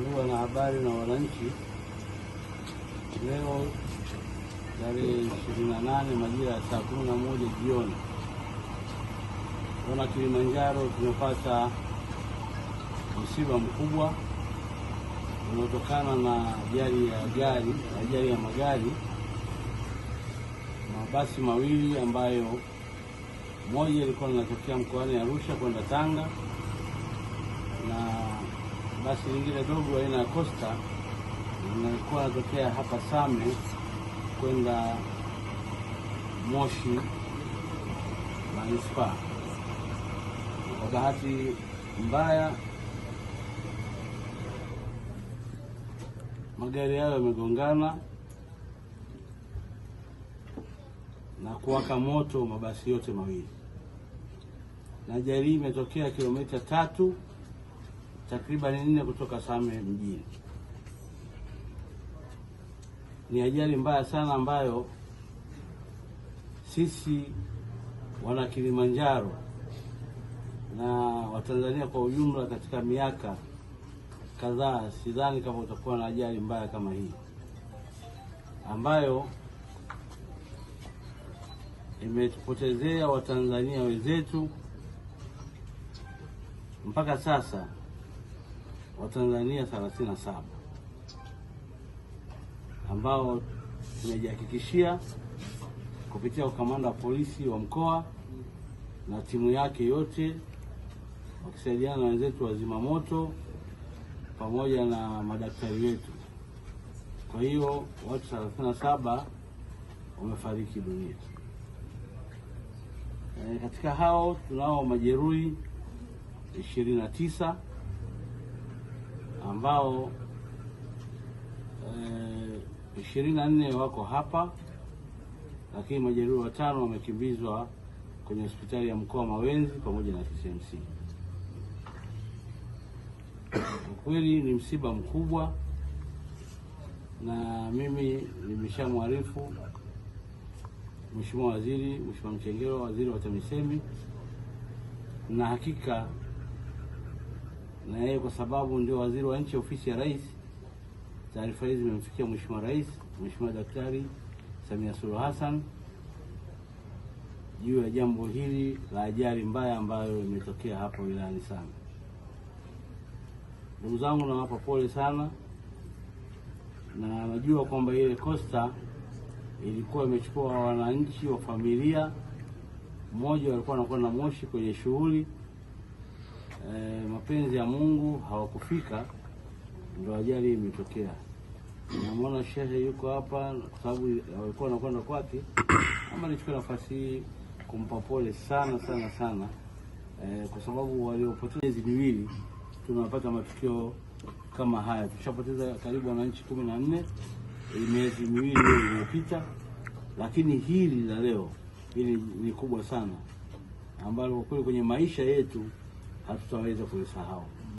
kuwa na habari na wananchi leo tarehe 28 majira ya saa kumi na moja jioni kona Kilimanjaro tumepata msiba mkubwa unaotokana na ajali ya gari, ajali ya magari, mabasi mawili ambayo moja ilikuwa linatokea mkoani Arusha kwenda Tanga na basi lingine dogo aina ya Costa nilikuwa natokea hapa Same kwenda Moshi manispaa. Kwa bahati mbaya, magari hayo yamegongana na kuwaka moto mabasi yote mawili, na ajali imetokea kilomita tatu takribani nne kutoka Same mjini. Ni ajali mbaya sana ambayo sisi wana Kilimanjaro na Watanzania kwa ujumla katika miaka kadhaa, sidhani kama utakuwa na ajali mbaya kama hii ambayo imetupotezea Watanzania wenzetu mpaka sasa. Watanzania 37 ambao tumejihakikishia kupitia ukamanda wa polisi wa mkoa na timu yake yote wakisaidiana na wenzetu wa zimamoto pamoja na madaktari wetu. Kwa hiyo watu 37 wamefariki dunia. E, katika hao tunao majeruhi 29 ambao eh, ishirini na nne wako hapa, lakini majeruhi watano wamekimbizwa kwenye hospitali ya mkoa Mawenzi pamoja na KCMC. Kwa kweli ni msiba mkubwa, na mimi nimeshamwarifu Mheshimiwa Waziri, Mheshimiwa Mchengerwa, waziri wa TAMISEMI, na hakika na yeye kwa sababu ndio waziri wa nchi ofisi ya rais. Taarifa hizi zimemfikia Mheshimiwa Rais, Mheshimiwa Daktari Samia Suluhu Hassan juu ya jambo hili la ajali mbaya ambayo imetokea hapa wilayani sana. Ndugu zangu, nawapa pole sana, na najua kwamba ile kosta ilikuwa imechukua wananchi wa familia mmoja, walikuwa wanakuwa na moshi kwenye shughuli e, mapenzi ya Mungu hawakufika, ndio ajali imetokea. Namwona shehe yuko hapa kwa sababu walikuwa wanakwenda kwake. Ama nichukue nafasi hii kumpa pole sana sana sana e, kwa sababu waliopoteza miezi miwili tunapata matukio kama haya. Tushapoteza karibu wananchi kumi na nne eh, miezi miwili iliyopita, lakini hili la leo hili ni kubwa sana ambalo kwa kweli kwenye maisha yetu 上次我也做过沙拉。